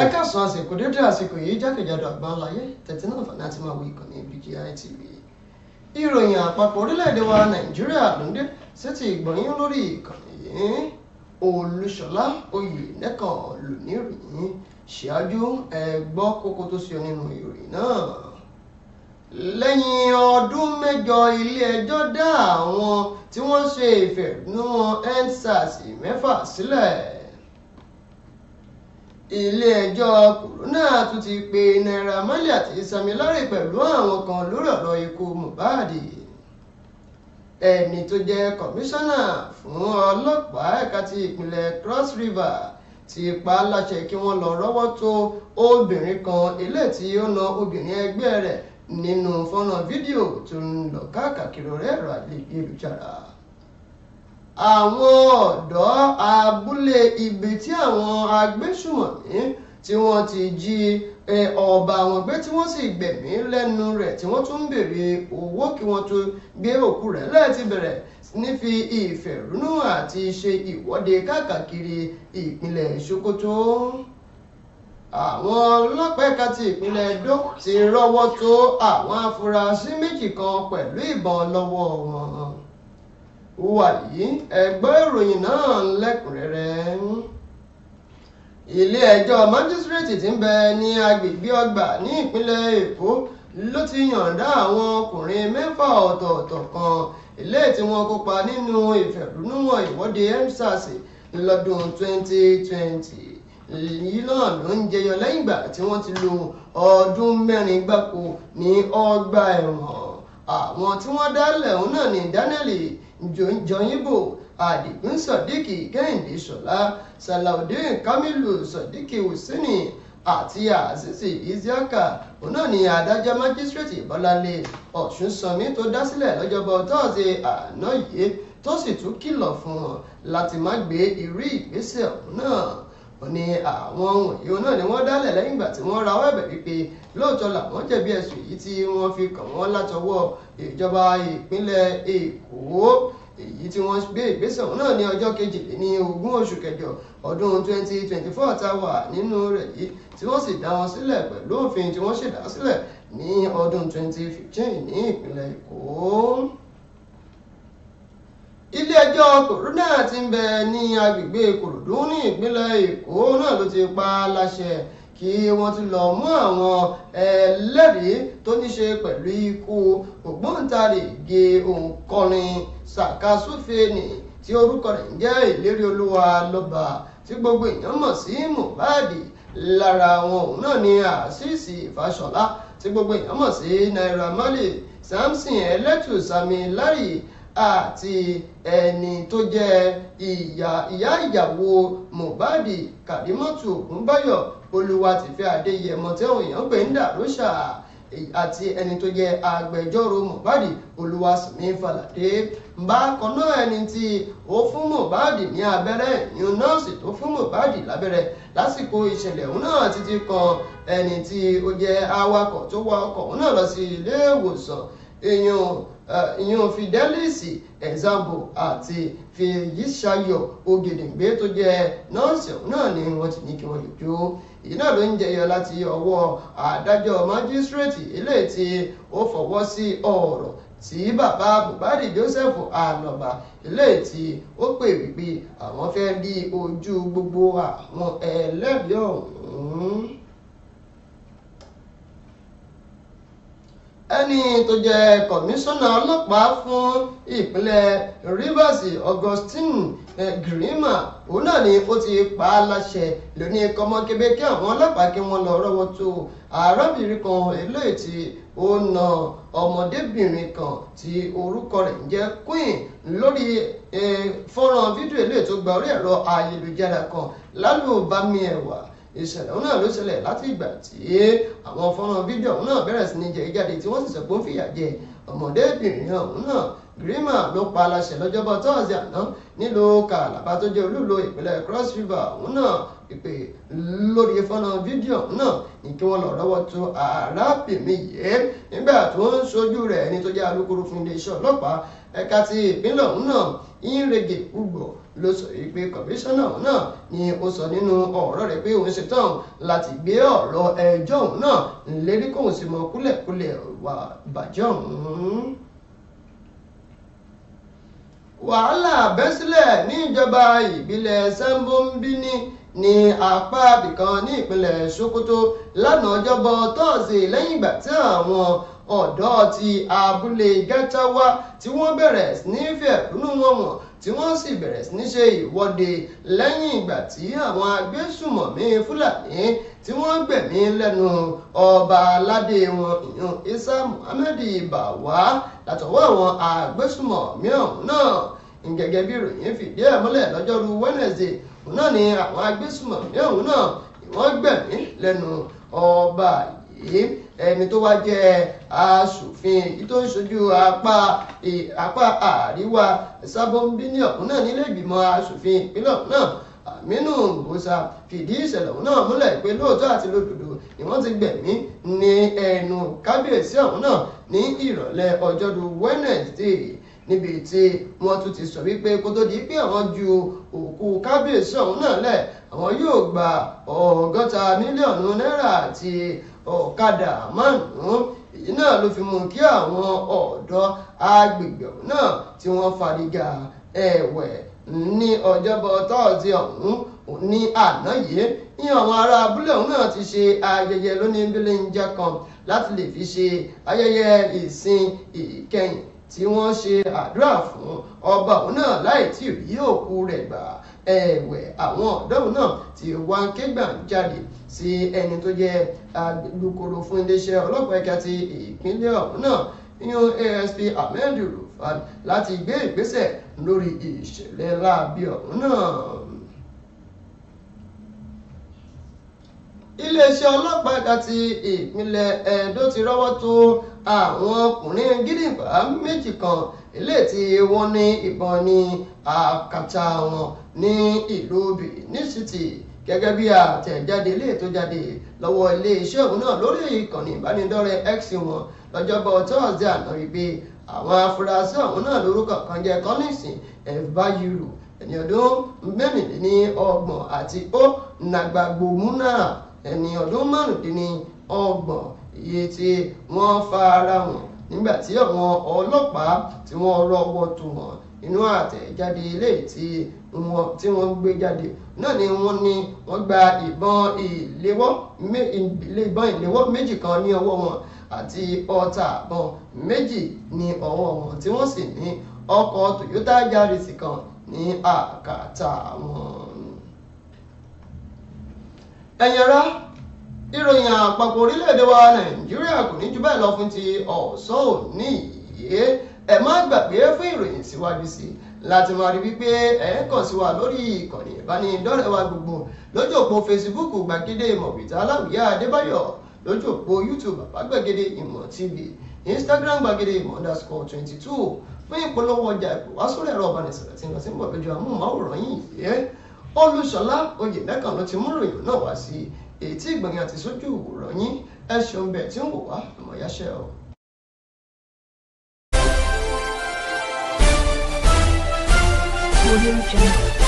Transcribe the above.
ẹ káàsán àsìkò dédé àsìkò yìí jákèjádò àgbáńláyé tẹ̀tẹ̀ náà fàní àti máa wo ìkànnì BGI TV ìròyìn àpapọ̀ orílẹ̀-èdè wa nàìjíríà ló ń dé sétí ìgbọ̀nyín lórí ìkànnì yìí olùṣọ́lá oyènẹ́kan lónìí ìròyìn ṣíájú ẹ gbọ́ kókó tó ṣe nínú ìròyìn náà lẹ́yìn ọdún mẹ́jọ ilé-ẹjọ́ dá àwọn tí wọ́n ṣe ìfẹ̀hónúhàn endsars mẹ́fà sílẹ̀ ilé-ẹjọ́ kòrónà tún ti pe Naira Marley àti Sami Larry pẹ̀lú àwọn kan lórí ọ̀rọ̀ ikú Mohbad ẹni tó jẹ́ kọmíṣánná fún ọlọ́pàá ẹ̀ka ti ìpínlẹ̀ Cross River ti pa á láṣẹ kí wọ́n lọ rọ́wọ́ tó obìnrin kan eléyìí tí ó na obìnrin ẹgbẹ́ rẹ̀ nínú fọ́nrán fídíò tó ń lọ káàkiri orí ẹ̀rọ ayélujára àwọn ọ̀dọ́ abúlé ibi tí àwọn agbésùmọ̀mí tí wọ́n ti jí ọba wọn gbé tí wọ́n sì gbẹ̀mí lẹ́nu rẹ̀ tí wọ́n tún ń béèrè owó kí wọ́n tó gbé òkú rẹ̀ lẹ́ẹ̀ ti bẹ̀rẹ̀ nífi ìfẹ̀rúnú àti ṣe ìwọ́de káàkiri ìpínlẹ̀ Sokoto àwọn ọlọ́pẹ̀ka ti ìpínlẹ̀ Edo ti rọ́wọ́ tó àwọn afurasí méjì kan pẹ̀lú ìbọn lọ́wọ́ wọn wàyí ẹgbẹ́ ìròyìn náà lẹ́kùnrẹ́rẹ́ ilé ẹjọ́ májísírèètì tí ń bẹ ní agbègbè ọgbà ní ìpínlẹ̀ Èkó ló ti yọ̀ǹda àwọn ọkùnrin mẹ́fà ọ̀tọ̀ọ̀tọ̀ kan ilé tí wọ́n kópa nínú ìfẹ̀hónúhàn ìwọ́de EndSARS lọ́dún 2020 èyí náà ló ń jẹyọ lẹ́yìn ìgbà tí wọ́n ti lo ọdún mẹ́rin gbáko ní ọgbà ẹ̀wọ̀n àwọn tí wọ́n dálẹ̀ òun náà ni Daniel jọyìnbó adigun sodiqi kẹ́hìndé ṣọlá salaudeen kamilu sodiqi hussaini àti àṣìṣe isiaka òun náà ni adájọ́ májísírèètì bọ́láńlé ọ̀ṣunsanmi tó dá sílẹ̀ lọ́jọ́bọ̀ tọ́sí àná yìí tó sì tún kìlọ̀ fún wọn láti má gbé irú ìgbésẹ̀ òun náà ó ní àwọn ohun èyí náà ni wọ́n dálẹ̀ lẹ́yìn ìgbà tí wọ́n rawọ́ ẹ̀bẹ̀ wípé lóòótọ́ làwọn jẹ̀bi ẹ̀sùn èyí tí wọ́n fi kàn wọ́n látọwọ́ ìjọba ìpínlẹ̀ Èkó èyí tí wọ́n gbé ìgbésẹ̀ ọ̀hún náà ní ọjọ́ kejìléní ogún oṣù kẹjọ ọdún 2024 tá a wà nínú rẹ̀ yìí tí wọ́n sì dá wọn sílẹ̀ pẹ̀lú òfin tí wọ́n ṣèdásílẹ̀ ní ọdún 2015 ní ìpínlẹ̀ Èkó ilé-ẹjọ́ kòrónà tí ń bẹ ní agbègbè kòròdú ní ìpínlẹ̀ èkó náà ló ti pa láṣẹ kí wọ́n ti lọ mú àwọn ẹlẹ́rìí tó ní ṣe pẹ̀lú ikú ògbóǹtarìgì òǹkọrin sàkásúfèènì tí orúkọ rẹ̀ ń jẹ́ ìlérí olúwa lọ́ba tí gbogbo èèyàn mọ̀ sí Mohbad lára àwọn òun náà ni àṣìṣì ìfàṣọlá tí gbogbo èèyàn mọ̀ sí Naira Marley Samson ẹlẹ́tù Sami Larry àti ẹni tó jẹ́ ìyá ìyá ìyàwó Mohbad Kàdímọ́tù Ògúnbáyọ̀ Olúwatífẹ́ Adéyẹmọ tẹ́wọ̀n èèyàn pè ń dàrúṣà àti ẹni tó jẹ́ agbẹjọ́rò Mohbad Olúwasùnmí Fàlàdé bákan náà ẹni tí ó fún Mohbad ní abẹ́rẹ́ ìyún nọ́ọ̀sì tó fún Mohbad lábẹ́rẹ́ lásìkò ìṣẹ̀lẹ̀ òun náà títí kan ẹni tí ó jẹ́ awakọ̀ tó wa ọkọ̀ òun náà lọ sí ilé ìwòsàn èèyàn ìyún fidelis example àti fèyíṣayọ̀ ògèdèǹgbé tó jẹ́ nọ́ọ̀sì ọ̀hún náà ni wọ́n ti ní kí wọ́n yọjú èyí náà ló ń jẹyọ láti ọwọ́ adájọ́ májísírèètì eléyìí tí ó fọwọ́ sí ọ̀rọ̀ tí bàbá Buhari Joseph Àlàbá eléyìí tí ó pè wípé àwọn fẹ́ rí ojú gbogbo àwọn ẹlẹ́rìí ọ̀hún. ẹni tó jẹ́ kọmíṣánná ọlọ́pàá fún ìpínlẹ̀ Rivers Augustine eh, Grima òun náà ni ó ti pa á láṣẹ lónìí kọmọkébé kí àwọn ọlọ́pàá kí wọ́n lọ rọ́wọ́ tó arábìnrin kan eléyìí tí ó na ọmọdébìnrin kan tí orúkọ rẹ̀ ń jẹ́ Queen lórí eh, fọ́nrán fídíò eléyìí tó gba orí ẹ̀rọ ayélujára kan lálùbami ẹ̀wà ìṣẹ̀lẹ̀ òun náà ló ṣẹlẹ̀ láti ìgbà tí àwọn fọ́nrán fídíò òun náà bẹ̀rẹ̀ sí ní jẹ jáde tí wọ́n sì sọ pé ó fìyà jẹ ọmọdébìnrin ọ̀hún náà grima ló pa aláṣẹ lọ́jọ́bọ̀ tọ́sí àná nílùú Calabar tó jẹ́ olúlo ìpínlẹ̀ Cross River òun náà pípé lórí fọ́nà fídíò náà ní kí wọ́n lọ rọ́wọ́ tó arábìnrin yìí nígbà tó ń ṣojú rẹ̀ ẹni tó jẹ́ alukoro fún iléeṣẹ́ ọlọ́pàá ẹ̀ka ti ìpínlẹ̀ ọ̀hún náà ìrègè ugbọ̀ ló sọ yìí pé kọmíṣánná ọ̀hún náà ni ó sọ nínú ọ̀rọ̀ rẹ̀ pé òun ṣetán láti gbé ọ̀rọ̀ ẹjọ́ ọ̀hún náà lérí kóun sì mọ kúlẹ̀kúlẹ̀ wà bàjẹ́ ọ̀hún wàhálà bẹ́ sílẹ̀ ní ìbílẹ̀ Sambo ní apá abìkan ní ìpínlẹ̀ Sokoto lánàá ọjọ́bọ̀ tọ́sídẹ̀ẹ́ lẹ́yìn ìgbà tí àwọn ọ̀dọ́ ti abúlé Gẹ́tàwá tí wọ́n bẹ̀rẹ̀ sí ní fi ẹ̀kúnnú wọn wọ̀n tí wọ́n sì bẹ̀rẹ̀ sí ní ṣe ìwọ́de lẹ́yìn ìgbà tí àwọn agbésùmọ̀mí Fúlàní tí wọ́n gbẹ̀mí lẹ́nu ọba aládé wọn ìyún Isa Muhammed Bawa látọwọ́ àwọn agbésùmọ̀mí ọ̀hún náà gẹ́gẹ́ bí ìròyìn fìdí ẹ̀ múlẹ̀ lọ́jọ́rú Wednesday òun náà ni àwọn agbésùmọ̀mí ọ̀hún náà wọ́n gbẹ̀mí lẹ́nu ọba yìí ẹni tó wá jẹ́ aṣòfin èyí tó ń ṣojú apá apá àríwá sábọ̀nbíní ọ̀hún náà nílé ìgbìmọ̀ aṣòfin ìpínlẹ̀ ọ̀hún náà Aminu Musa fìdí ìṣẹ̀lẹ̀ ọ̀hún náà múlẹ̀ pé lóòótọ́ àti lódodo ni wọ́n ti gbẹ̀mí ní ẹnu kábíyèsí ọ̀hún náà ní ìrọ̀lẹ́ ọjọ́dún Wednesday níbi tí wọ́n tún ti sọ wípé kó tó di pé àwọn ju òkú kábíyèsí ọ̀hún náà lẹ̀ àwọn yóò gba ọgọ́ta mílíọ̀nù náírà àti ọ̀kadà márùn-ún èyí náà ló fi mú kí àwọn ọ̀dọ́ agbègbè ọ̀hún náà tí wọ́n fariga ẹ̀wẹ̀ ní ọjọ́bọ̀ tọ́ọ̀sì ọ̀hún ní àná yìí ní àwọn ará abúlé ọ̀hún náà ti ṣe ayẹyẹ lónìí bílẹ̀ ń jẹ́ kan láti lè fi ṣe ayẹyẹ ìsìn ìkẹyìn tí wọ́n ṣe àdúrà fún ọba òun náà láì tí ì rí òkú rẹ̀ gbà ẹ̀wẹ̀ àwọn ọ̀dọ́ òun náà ti wá ń ké gbàǹjarè sí ẹni tó jẹ́ alukoro fún iléeṣẹ́ ọlọ́pàá ẹ̀ka ti ìpínlẹ̀ ọ̀hún náà yún asp ahmed rufan láti gbé ìgbésẹ̀ lórí ìṣẹ̀lẹ̀ láabi ọ̀hún náà. iléeṣẹ́ ọlọ́pàá ẹ̀ka ti ìpínlẹ̀ ẹ̀dó ti rọ́wọ́ tó àwọn ọkùnrin gídìgbà méjì kan eléyìí tí wọ́n ní ìbọn ní àkàtà wọn ní ìlú Benin City gẹ́gẹ́ bí àtẹ̀jáde ilé tó jáde lọ́wọ́ iléeṣẹ́ òun náà lórí ìkànnì ìbánidọ́rẹ̀ẹ́ X wọn lọ́jọ́bọ̀ tọ́sídẹ̀ẹ́ àná wípé àwọn afurasí ọ̀hún náà lórúkọ kan jẹ́ Collins Ẹ̀fáyúrù ẹni ọdún mẹ́rìndínní ọgbọ̀n àti ó Nàgbàgbòmúnà ẹni ọdún márùndínní ọgbọ̀n iye tí wọ́n fara wọn nígbà àwọn ọlọ́pàá tí wọ́n rọ́wọ́ tó wọn inú àtẹ̀jáde ilé tí wọ́n gbé jáde náà ni wọ́n ní wọ́n gba ìbọn ìléwọ́ méjì kan ní ọwọ́ wọn àti ọta àbọn méjì ní ọwọ́ wọn tí wọ́n sì ní ọkọ̀ Toyota Yaris kan ní àkàtà wọn. ẹ̀yẹ̀rá ìròyìn àpapọ̀ orílẹ̀-èdè wa nàìjíríà kò ní jù bẹ́ẹ̀ lọ fún ti ọ̀sán òní yìí ẹ má gbàgbé fún ìròyìn síwájú sí láti máa rí wípé ẹ kàn sí wa lórí ìkànnì ìbánidọ́rẹ̀ẹ́ wa gbogbo lójú òpó facebook gbàgede ìmọ̀ wìtá aláwìyá adébáyọ̀ lójú òpó youtube bàbá ìmọ̀ tv instagram gbàgede ìmọ̀ underscore twenty two fún ìpolówó ọjà ìpò wá sórí ẹ̀rọ ọ̀bánisọ̀rọ̀ tí ń lọ sí mọ̀lẹ́jọ́ amóhùnmáwòrán yìí olùṣọlá oyèlẹ́kàn ló ti mú ìròyìn náà wá sí i èyí tí ìgbọ̀ngàn àti sójú ìwòran yín ẹ ṣeun bẹ́ẹ̀ tí ń wò wá àmọ́ yáṣẹ́ o. Audio Jungle.